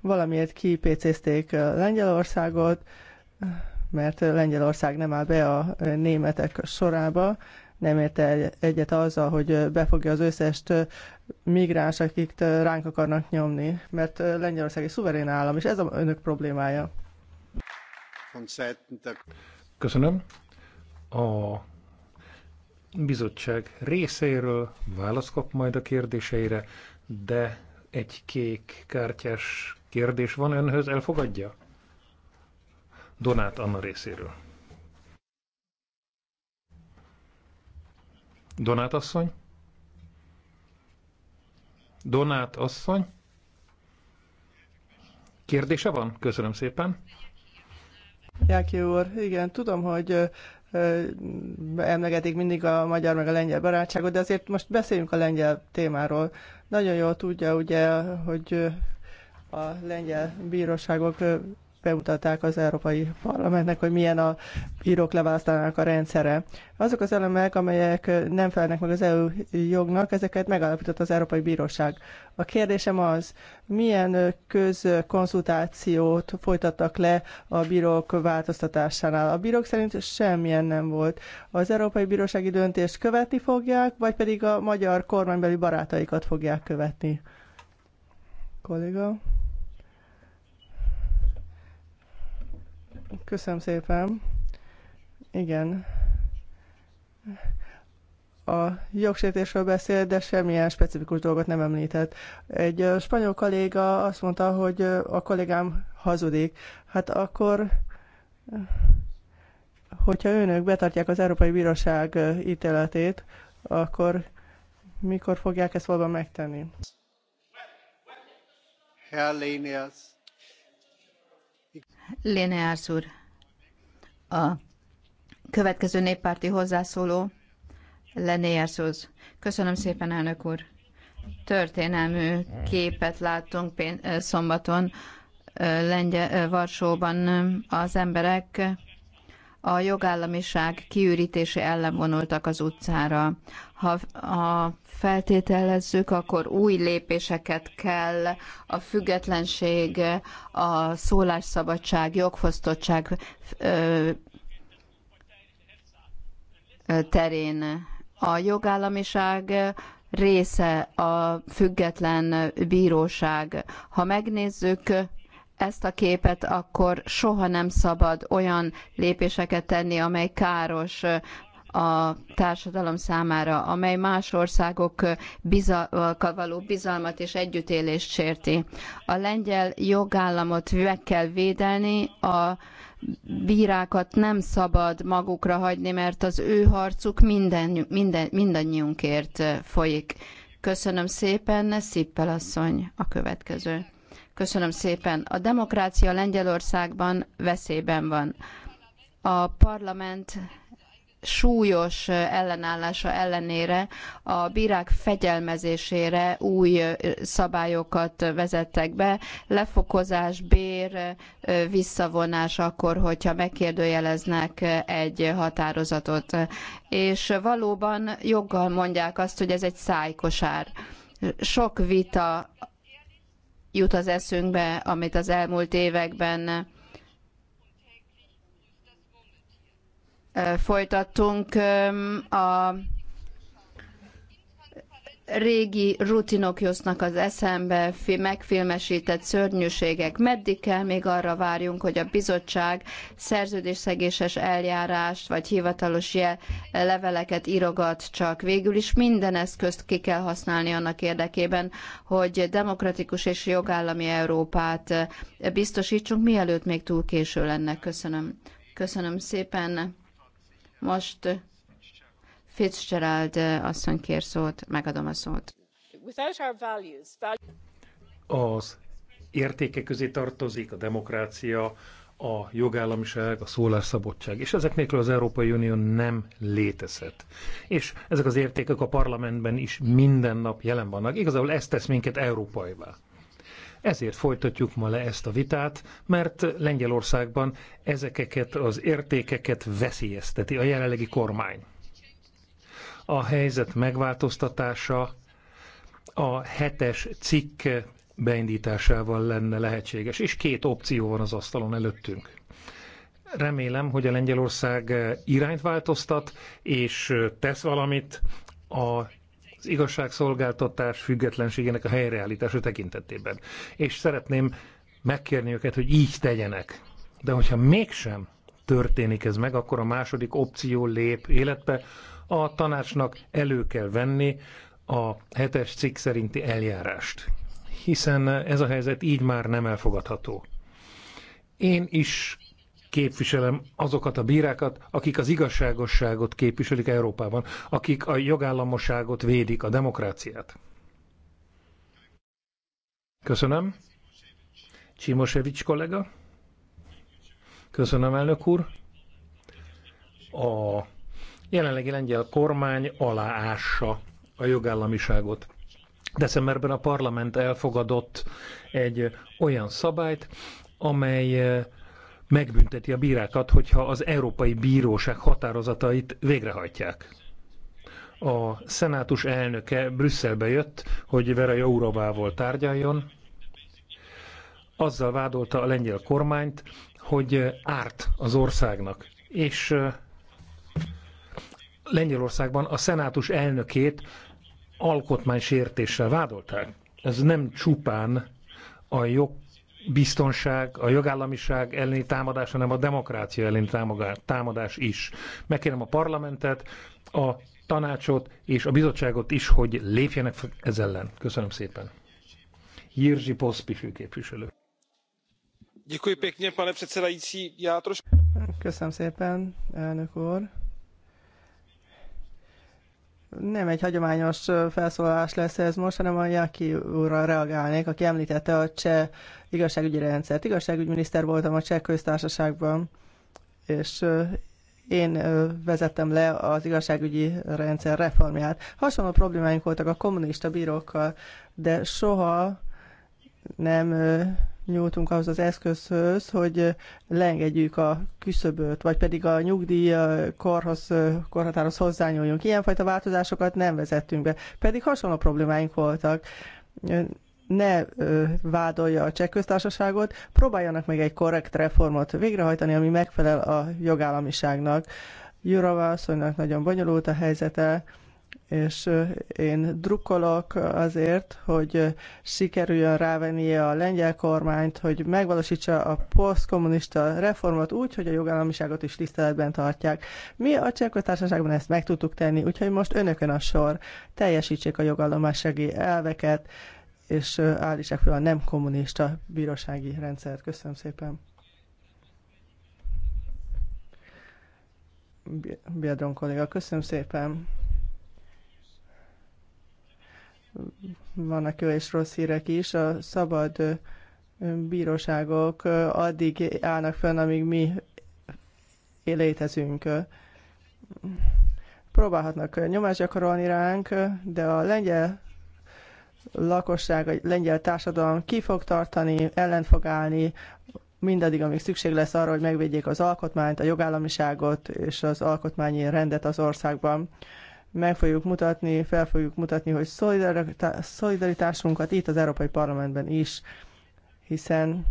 [SPEAKER 6] Valamiért kipécézték Lengyelországot, mert Lengyelország nem áll be a németek sorába, nem érte egyet azzal, hogy befogja az összes migráns, akik ránk akarnak nyomni, mert Lengyelország egy szuverén állam, és ez a önök problémája.
[SPEAKER 4] Köszönöm. A bizottság részéről választ kap majd a kérdéseire, de egy kék kártyás kérdés van önhöz, elfogadja? Donát Anna részéről. Donát asszony? Donát asszony? Kérdése van? Köszönöm szépen.
[SPEAKER 6] Jáki úr, igen, tudom, hogy emlegetik mindig a magyar meg a lengyel barátságot, de azért most beszéljünk a lengyel témáról. Nagyon jól tudja ugye, hogy a lengyel bíróságok bemutatták az Európai Parlamentnek, hogy milyen a bírók leválasztásának a rendszere. Azok az elemek, amelyek nem felnek meg az EU jognak, ezeket megállapított az Európai Bíróság. A kérdésem az, milyen közkonszultációt folytattak le a bírók változtatásánál? A bírók szerint semmilyen nem volt. Az Európai Bírósági döntést követni fogják, vagy pedig a magyar kormánybeli barátaikat fogják követni? Kolléga? Köszönöm szépen. Igen. A jogsértésről beszélt, de semmilyen specifikus dolgot nem említett. Egy spanyol kolléga azt mondta, hogy a kollégám hazudik. Hát akkor hogyha önök betartják az Európai Bíróság ítéletét, akkor mikor fogják ezt valóban megtenni?
[SPEAKER 1] Herr Lénias.
[SPEAKER 6] Lineárs úr,
[SPEAKER 5] a következő néppárti hozzászóló Lenéárs úr. Köszönöm szépen, elnök úr. Történelmű képet láttunk szombaton Lengye, Varsóban az emberek a jogállamiság kiürítése ellen vonultak az utcára. Ha, ha feltételezzük, akkor új lépéseket kell a függetlenség, a szólásszabadság, jogfosztottság terén. A jogállamiság része a független bíróság. Ha megnézzük, ezt a képet, akkor soha nem szabad olyan lépéseket tenni, amely káros a társadalom számára, amely más országok bizal- való bizalmat és együttélést sérti. A lengyel jogállamot meg kell védelni, a bírákat nem szabad magukra hagyni, mert az ő harcuk minden, minden, mindannyiunkért folyik. Köszönöm szépen, Szippel asszony a következő. Köszönöm szépen. A demokrácia Lengyelországban veszélyben van. A parlament súlyos ellenállása ellenére a bírák fegyelmezésére új szabályokat vezettek be, lefokozás, bér, visszavonás akkor, hogyha megkérdőjeleznek egy határozatot. És valóban joggal mondják azt, hogy ez egy szájkosár. Sok vita jut az eszünkbe, amit az elmúlt években folytattunk a régi rutinok jusznak az eszembe, megfilmesített szörnyűségek. Meddig kell még arra várjunk, hogy a bizottság szerződésszegéses eljárást vagy hivatalos jel leveleket írogat csak. Végül is minden eszközt ki kell használni annak érdekében, hogy demokratikus és jogállami Európát biztosítsunk, mielőtt még túl késő lenne. Köszönöm. Köszönöm szépen. Most Fitzgerald asszony kér szót, megadom a szót.
[SPEAKER 4] Az értéke közé tartozik a demokrácia, a jogállamiság, a szólásszabadság, és ezek nélkül az Európai Unió nem létezhet. És ezek az értékek a parlamentben is minden nap jelen vannak. Igazából ez tesz minket európaivá. Ezért folytatjuk ma le ezt a vitát, mert Lengyelországban ezeket az értékeket veszélyezteti a jelenlegi kormány a helyzet megváltoztatása a hetes cikk beindításával lenne lehetséges, és két opció van az asztalon előttünk. Remélem, hogy a Lengyelország irányt változtat, és tesz valamit a az igazságszolgáltatás függetlenségének a helyreállítása tekintetében. És szeretném megkérni őket, hogy így tegyenek. De hogyha mégsem történik ez meg, akkor a második opció lép életbe, a tanácsnak elő kell venni a hetes cikk szerinti eljárást, hiszen ez a helyzet így már nem elfogadható. Én is képviselem azokat a bírákat, akik az igazságosságot képviselik Európában, akik a jogállamoságot védik, a demokráciát. Köszönöm. Csimosevics kollega. Köszönöm, elnök úr. A jelenlegi lengyel kormány aláássa a jogállamiságot. Decemberben a parlament elfogadott egy olyan szabályt, amely eh, megbünteti a bírákat, hogyha az Európai Bíróság határozatait végrehajtják. A szenátus elnöke Brüsszelbe jött, hogy Vera Jourovával tárgyaljon. Azzal vádolta a lengyel kormányt, hogy eh, árt az országnak, és eh, Lengyelországban a szenátus elnökét alkotmánysértéssel vádolták. Ez nem csupán a jogbiztonság, a jogállamiság elleni támadás, hanem a demokrácia elleni támadás is. Megkérem a parlamentet, a tanácsot és a bizottságot is, hogy lépjenek ez ellen. Köszönöm szépen. Jirzsi Poszpi
[SPEAKER 6] főképviselő. Köszönöm szépen, elnök úr. Nem egy hagyományos felszólalás lesz ez most, hanem a Jaki úrra reagálnék, aki említette a cseh igazságügyi rendszert. Igazságügyminiszter voltam a cseh köztársaságban, és én vezettem le az igazságügyi rendszer reformját. Hasonló problémáink voltak a kommunista bírókkal, de soha nem Nyújtunk ahhoz az eszközhöz, hogy leengedjük a küszöböt, vagy pedig a nyugdíj korhoz, korhatárhoz hozzányúljunk. Ilyenfajta változásokat nem vezettünk be, pedig hasonló problémáink voltak ne vádolja a cseh köztársaságot, próbáljanak meg egy korrekt reformot végrehajtani, ami megfelel a jogállamiságnak. Jurova asszonynak nagyon bonyolult a helyzete, és én drukkolok azért, hogy sikerüljön rávennie a lengyel kormányt, hogy megvalósítsa a posztkommunista reformot úgy, hogy a jogállamiságot is tiszteletben tartják. Mi a Csehköztársaságban ezt meg tudtuk tenni, úgyhogy most önökön a sor. Teljesítsék a jogállamisági elveket, és állítsák fel a nem kommunista bírósági rendszert. Köszönöm szépen. Biadron kolléga, köszönöm szépen vannak jó és rossz hírek is. A szabad bíróságok addig állnak fenn, amíg mi létezünk. Próbálhatnak nyomást gyakorolni ránk, de a lengyel lakosság, a lengyel társadalom ki fog tartani, ellen fog állni, mindaddig, amíg szükség lesz arra, hogy megvédjék az alkotmányt, a jogállamiságot és az alkotmányi rendet az országban meg fogjuk mutatni, fel fogjuk mutatni, hogy szolidaritásunkat itt az Európai Parlamentben is, hiszen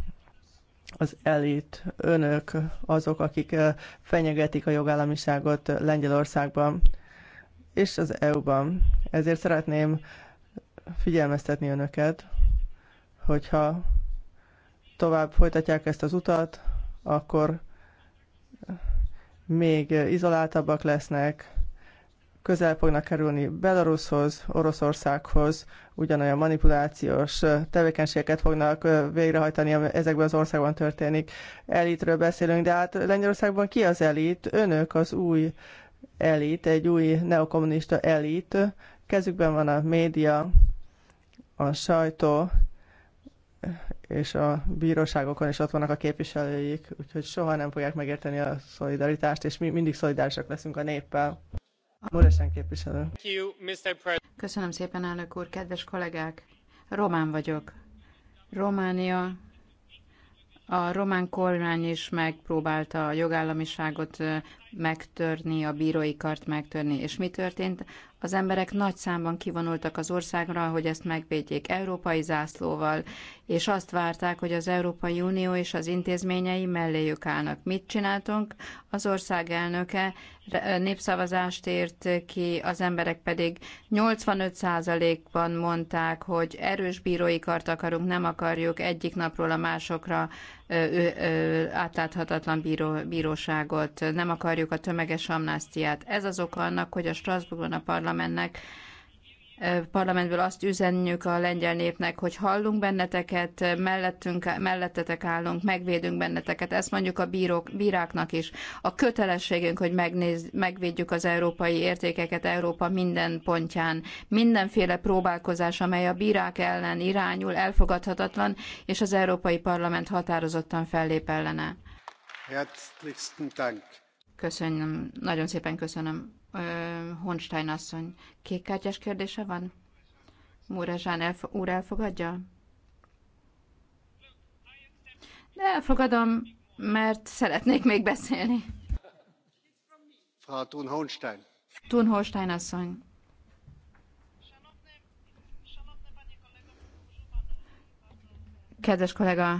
[SPEAKER 6] az elit, önök azok, akik fenyegetik a jogállamiságot Lengyelországban és az EU-ban. Ezért szeretném figyelmeztetni önöket, hogyha tovább folytatják ezt az utat, akkor még izoláltabbak lesznek, közel fognak kerülni Belarushoz, Oroszországhoz, ugyanolyan manipulációs tevékenységeket fognak végrehajtani, ami ezekben az országban történik. Elitről beszélünk, de hát Lengyelországban ki az elit? Önök az új elit, egy új neokommunista elit. Kezükben van a média, a sajtó, és a bíróságokon is ott vannak a képviselőik, úgyhogy soha nem fogják megérteni a szolidaritást, és mi mindig szolidárisak leszünk a néppel.
[SPEAKER 5] Köszönöm szépen, elnök úr, kedves kollégák! Román vagyok. Románia a román kormány is megpróbálta a jogállamiságot megtörni, a bírói kart megtörni. És mi történt? Az emberek nagy számban kivonultak az országra, hogy ezt megvédjék európai zászlóval, és azt várták, hogy az Európai Unió és az intézményei melléjük állnak. Mit csináltunk? Az ország elnöke népszavazást ért ki, az emberek pedig 85%-ban mondták, hogy erős bírói kart akarunk, nem akarjuk egyik napról a másokra átláthatatlan bíró, bíróságot, nem akarjuk a tömeges amnáztiát. Ez az oka annak, hogy a Strasbourgban a parlamentnek parlamentből azt üzenjük a lengyel népnek, hogy hallunk benneteket, mellettünk, mellettetek állunk, megvédünk benneteket. Ezt mondjuk a bírók, bíráknak is. A kötelességünk, hogy megnéz, megvédjük az európai értékeket Európa minden pontján. Mindenféle próbálkozás, amely a bírák ellen irányul, elfogadhatatlan, és az Európai Parlament határozottan fellép ellene. Köszönöm, nagyon szépen köszönöm. Honstein asszony, kékkártyás kérdése van? Múrezsán elf- úr elfogadja? De elfogadom, mert szeretnék még beszélni.
[SPEAKER 1] Frau Thun Honstein.
[SPEAKER 5] Thun Honstein asszony. Kedves kollega,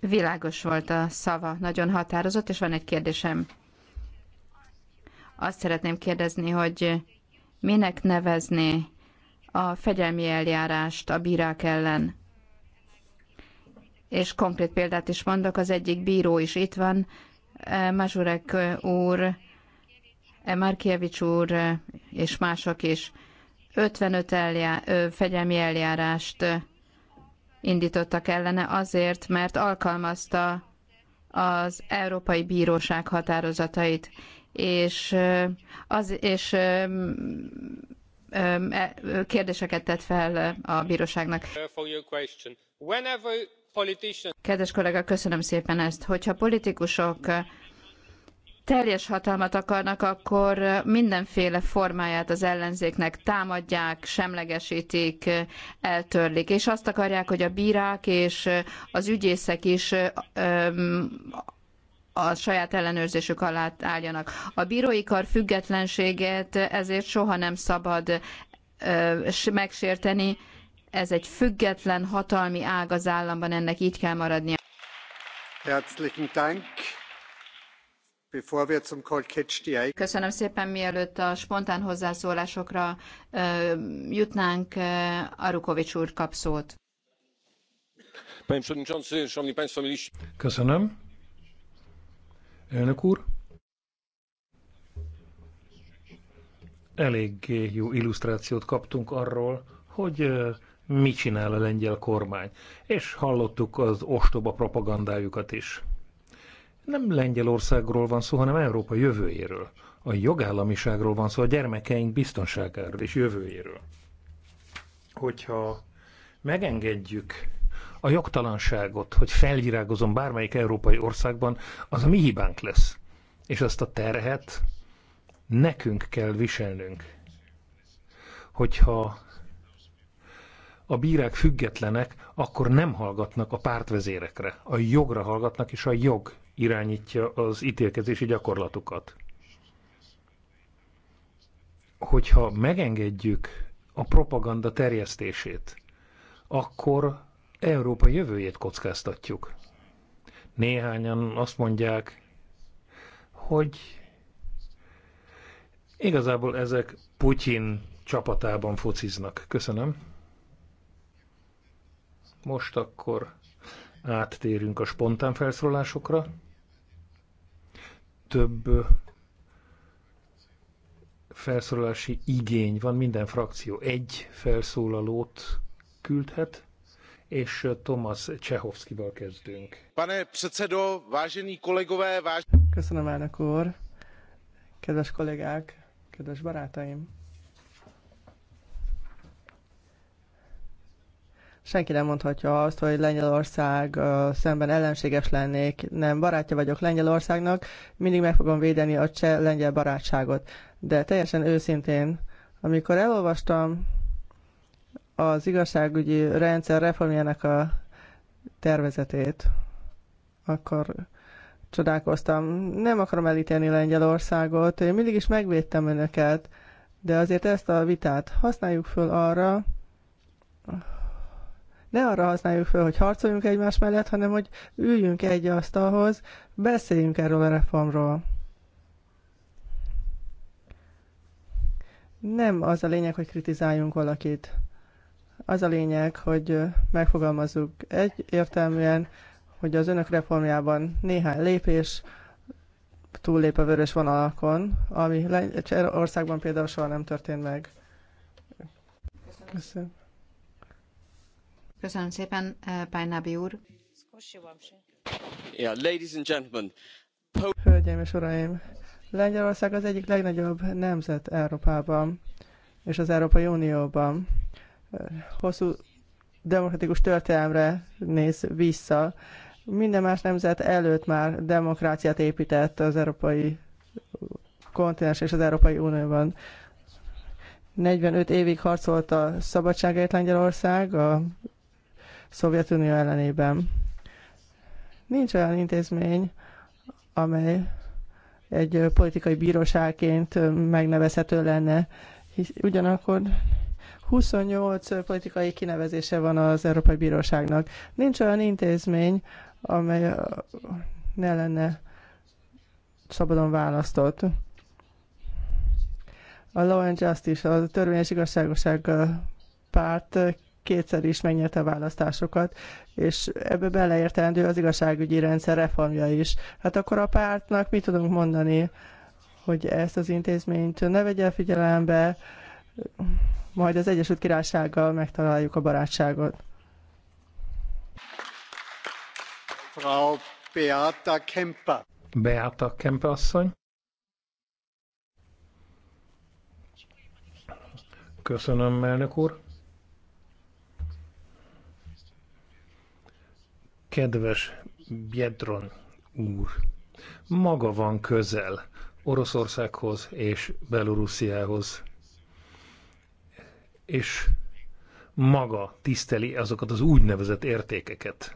[SPEAKER 5] világos volt a szava, nagyon határozott, és van egy kérdésem. Azt szeretném kérdezni, hogy minek nevezni a fegyelmi eljárást a bírák ellen? És konkrét példát is mondok, az egyik bíró is itt van, e, Mazurek e, úr, e, Markievics úr és mások is 55 eljá, fegyelmi eljárást indítottak ellene azért, mert alkalmazta az Európai Bíróság határozatait és, az, és kérdéseket tett fel a bíróságnak. Kedves kollega, köszönöm szépen ezt. Hogyha politikusok teljes hatalmat akarnak, akkor mindenféle formáját az ellenzéknek támadják, semlegesítik, eltörlik. És azt akarják, hogy a bírák és az ügyészek is a saját ellenőrzésük alá álljanak. A bírói kar függetlenséget ezért soha nem szabad megsérteni. Ez egy független hatalmi ág az államban, ennek így kell maradnia.
[SPEAKER 1] Herzlichen Dank. Köszönöm
[SPEAKER 5] szépen, mielőtt a spontán hozzászólásokra jutnánk, Arukovics úr kap szót.
[SPEAKER 4] Köszönöm. Elnök úr, eléggé jó illusztrációt kaptunk arról, hogy mi csinál a lengyel kormány, és hallottuk az ostoba propagandájukat is. Nem Lengyelországról van szó, hanem Európa jövőjéről. A jogállamiságról van szó, a gyermekeink biztonságáról és jövőjéről. Hogyha megengedjük a jogtalanságot, hogy felvirágozom bármelyik európai országban, az a mi hibánk lesz. És azt a terhet nekünk kell viselnünk. Hogyha a bírák függetlenek, akkor nem hallgatnak a pártvezérekre. A jogra hallgatnak, és a jog irányítja az ítélkezési gyakorlatukat. Hogyha megengedjük a propaganda terjesztését, akkor Európa jövőjét kockáztatjuk. Néhányan azt mondják, hogy igazából ezek Putyin csapatában fociznak. Köszönöm. Most akkor áttérünk a spontán felszólásokra. Több felszólalási igény van, minden frakció egy felszólalót küldhet
[SPEAKER 6] és Tomasz Csehovszkival kezdünk.
[SPEAKER 3] Pane předsedo, vážení kolegové, váž...
[SPEAKER 6] Köszönöm, elnök úr! Kedves kollégák, kedves barátaim! senki nem mondhatja azt, hogy Lengyelország szemben ellenséges lennék. Nem, barátja vagyok Lengyelországnak, mindig meg fogom védeni a cseh-lengyel barátságot. De teljesen őszintén, amikor elolvastam az igazságügyi rendszer reformjának a tervezetét, akkor csodálkoztam. Nem akarom elítélni Lengyelországot, én mindig is megvédtem önöket, de azért ezt a vitát használjuk föl arra, ne arra használjuk föl, hogy harcoljunk egymás mellett, hanem hogy üljünk egy asztalhoz, beszéljünk erről a reformról. Nem az a lényeg, hogy kritizáljunk valakit. Az a lényeg, hogy megfogalmazzuk egyértelműen, hogy az önök reformjában néhány lépés túllép a vörös vonalakon, ami Országban például soha nem történt meg. Köszönöm. Köszönöm szépen, eh, Pajnábi úr.
[SPEAKER 5] Yeah, ladies and gentlemen.
[SPEAKER 6] Hölgyeim és uraim, Lengyelország az egyik legnagyobb nemzet Európában és az Európai Unióban hosszú demokratikus történelemre néz vissza. Minden más nemzet előtt már demokráciát épített az európai kontinens és az Európai Unióban. 45 évig harcolt a szabadságért Lengyelország a Szovjetunió ellenében. Nincs olyan intézmény, amely egy politikai bíróságként megnevezhető lenne. Hisz, ugyanakkor 28 politikai kinevezése van az Európai Bíróságnak. Nincs olyan intézmény, amely ne lenne szabadon választott. A Law and Justice, a Törvény és Igazságoság párt kétszer is megnyerte a választásokat, és ebbe beleértendő az igazságügyi rendszer reformja is. Hát akkor a pártnak mit tudunk mondani, hogy ezt az intézményt ne vegye figyelembe, majd az Egyesült Királysággal megtaláljuk a barátságot.
[SPEAKER 1] Frau Beata Kemper.
[SPEAKER 4] Beata Kemper asszony. Köszönöm, elnök úr. Kedves Biedron úr, maga van közel Oroszországhoz és Belorussziához és maga tiszteli azokat az úgynevezett értékeket.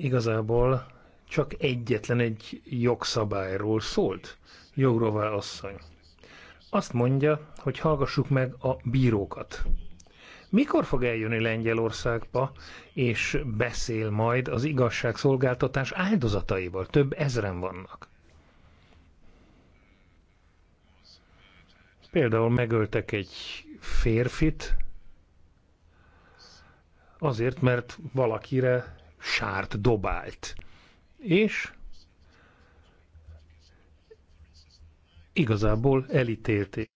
[SPEAKER 4] Igazából csak egyetlen egy jogszabályról szólt Jogrová asszony. Azt mondja, hogy hallgassuk meg a bírókat. Mikor fog eljönni Lengyelországba, és beszél majd az igazságszolgáltatás áldozataival? Több ezren vannak. Például megöltek egy férfit, azért, mert valakire sárt dobált. És igazából elítélték.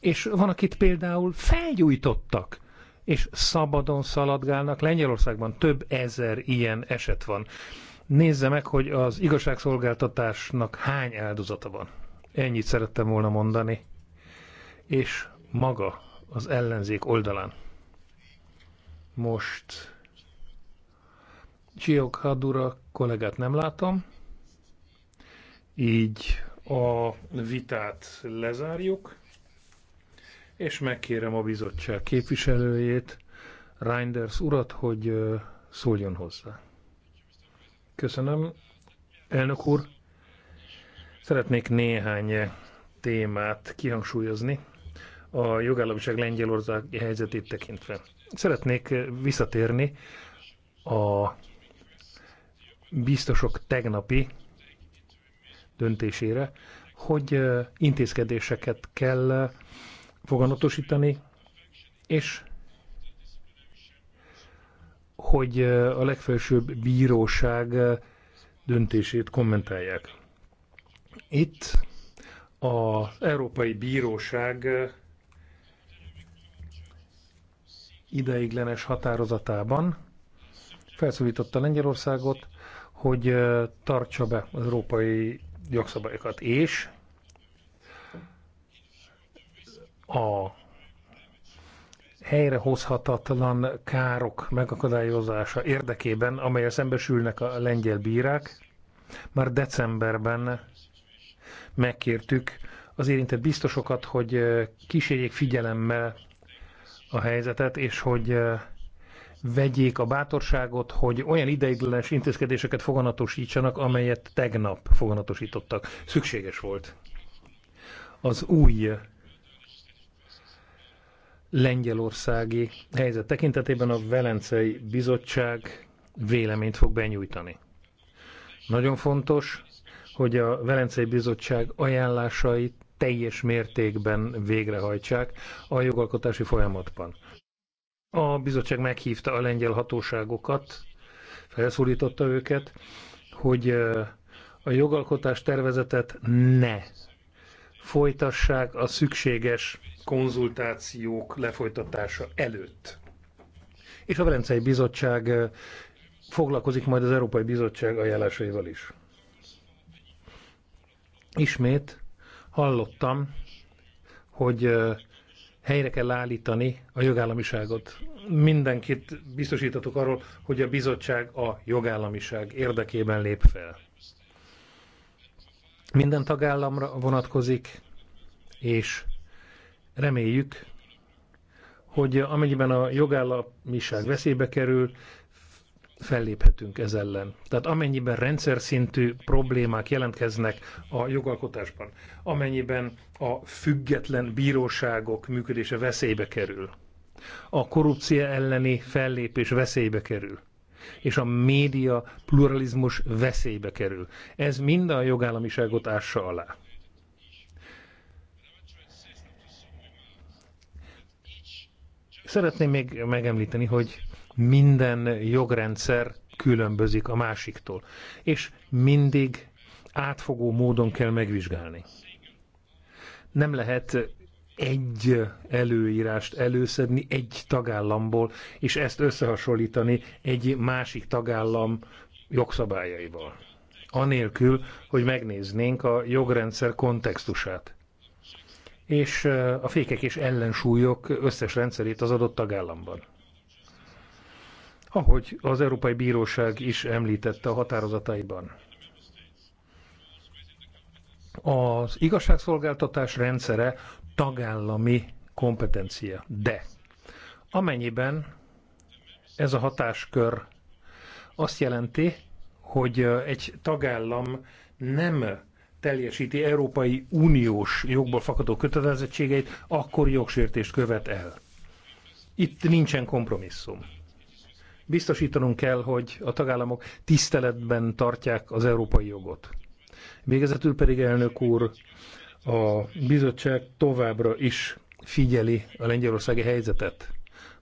[SPEAKER 4] És van, akit például felgyújtottak, és szabadon szaladgálnak. Lengyelországban több ezer ilyen eset van. Nézze meg, hogy az igazságszolgáltatásnak hány áldozata van. Ennyit szerettem volna mondani. És maga az ellenzék oldalán. Most Csiok Hadura kollégát nem látom, így a vitát lezárjuk, és megkérem a bizottság képviselőjét, Reinders urat, hogy szóljon hozzá. Köszönöm, elnök úr. Szeretnék néhány témát kihangsúlyozni a jogállamiság lengyelországi helyzetét tekintve. Szeretnék visszatérni a biztosok tegnapi döntésére, hogy intézkedéseket kell foganatosítani, és hogy a legfelsőbb bíróság döntését kommentálják. Itt az Európai Bíróság ideiglenes határozatában felszólította Lengyelországot, hogy tartsa be az európai jogszabályokat, és a helyrehozhatatlan károk megakadályozása érdekében, amelyel szembesülnek a lengyel bírák, már decemberben megkértük az érintett biztosokat, hogy kísérjék figyelemmel a helyzetet, és hogy vegyék a bátorságot, hogy olyan ideiglenes intézkedéseket foganatosítsanak, amelyet tegnap foganatosítottak. Szükséges volt. Az új lengyelországi helyzet tekintetében a Velencei Bizottság véleményt fog benyújtani. Nagyon fontos, hogy a Velencei Bizottság ajánlásai teljes mértékben végrehajtsák a jogalkotási folyamatban. A bizottság meghívta a lengyel hatóságokat, felszólította őket, hogy a jogalkotás tervezetet ne folytassák a szükséges konzultációk lefolytatása előtt. És a Velencei Bizottság foglalkozik majd az Európai Bizottság ajánlásaival is. Ismét hallottam, hogy helyre kell állítani a jogállamiságot. Mindenkit biztosítatok arról, hogy a bizottság a jogállamiság érdekében lép fel. Minden tagállamra vonatkozik, és reméljük, hogy amennyiben a jogállamiság veszélybe kerül, felléphetünk ez ellen. Tehát amennyiben rendszer szintű problémák jelentkeznek a jogalkotásban, amennyiben a független bíróságok működése veszélybe kerül, a korrupció elleni fellépés veszélybe kerül, és a média pluralizmus veszélybe kerül. Ez mind a jogállamiságot ássa alá. Szeretném még megemlíteni, hogy minden jogrendszer különbözik a másiktól, és mindig átfogó módon kell megvizsgálni. Nem lehet egy előírást előszedni egy tagállamból, és ezt összehasonlítani egy másik tagállam jogszabályaival. Anélkül, hogy megnéznénk a jogrendszer kontextusát és eh, a fékek és ellensúlyok összes rendszerét az adott tagállamban ahogy az Európai Bíróság is említette a határozataiban. Az igazságszolgáltatás rendszere tagállami kompetencia, de amennyiben ez a hatáskör azt jelenti, hogy egy tagállam nem teljesíti Európai Uniós jogból fakadó kötelezettségeit, akkor jogsértést követ el. Itt nincsen kompromisszum. Biztosítanunk kell, hogy a tagállamok tiszteletben tartják az európai jogot. Végezetül pedig elnök úr, a bizottság továbbra is figyeli a lengyelországi helyzetet.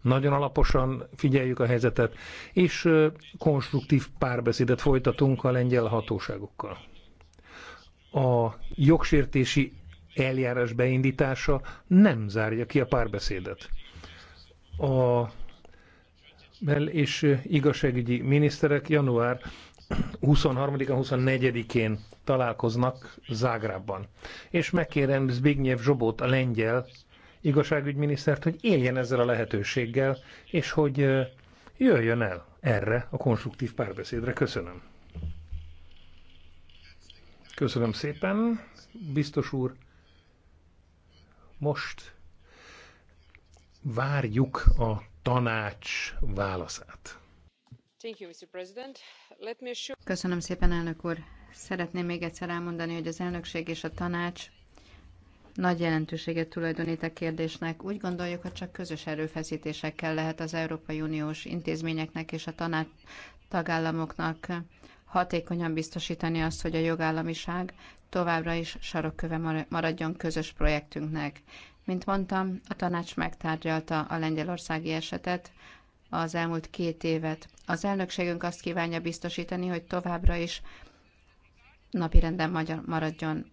[SPEAKER 4] Nagyon alaposan figyeljük a helyzetet, és konstruktív párbeszédet folytatunk a lengyel hatóságokkal. A jogsértési eljárás beindítása nem zárja ki a párbeszédet. A Mell és igazságügyi miniszterek január 23-án, 24-én találkoznak Zágrában. És megkérem Zbigniew Zsobót, a lengyel igazságügyminisztert, hogy éljen ezzel a lehetőséggel, és hogy jöjjön el erre a konstruktív párbeszédre. Köszönöm. Köszönöm szépen, biztos úr. Most várjuk a tanács válaszát. Köszönöm szépen, elnök úr.
[SPEAKER 5] Szeretném még egyszer elmondani, hogy az elnökség és a tanács nagy jelentőséget tulajdonít a kérdésnek. Úgy gondoljuk, hogy csak közös erőfeszítésekkel lehet az Európai Uniós intézményeknek és a tanács tagállamoknak hatékonyan biztosítani azt, hogy a jogállamiság továbbra is sarokköve maradjon közös projektünknek. Mint mondtam, a tanács megtárgyalta a lengyelországi esetet, az elmúlt két évet. Az elnökségünk azt kívánja biztosítani, hogy továbbra is napirenden maradjon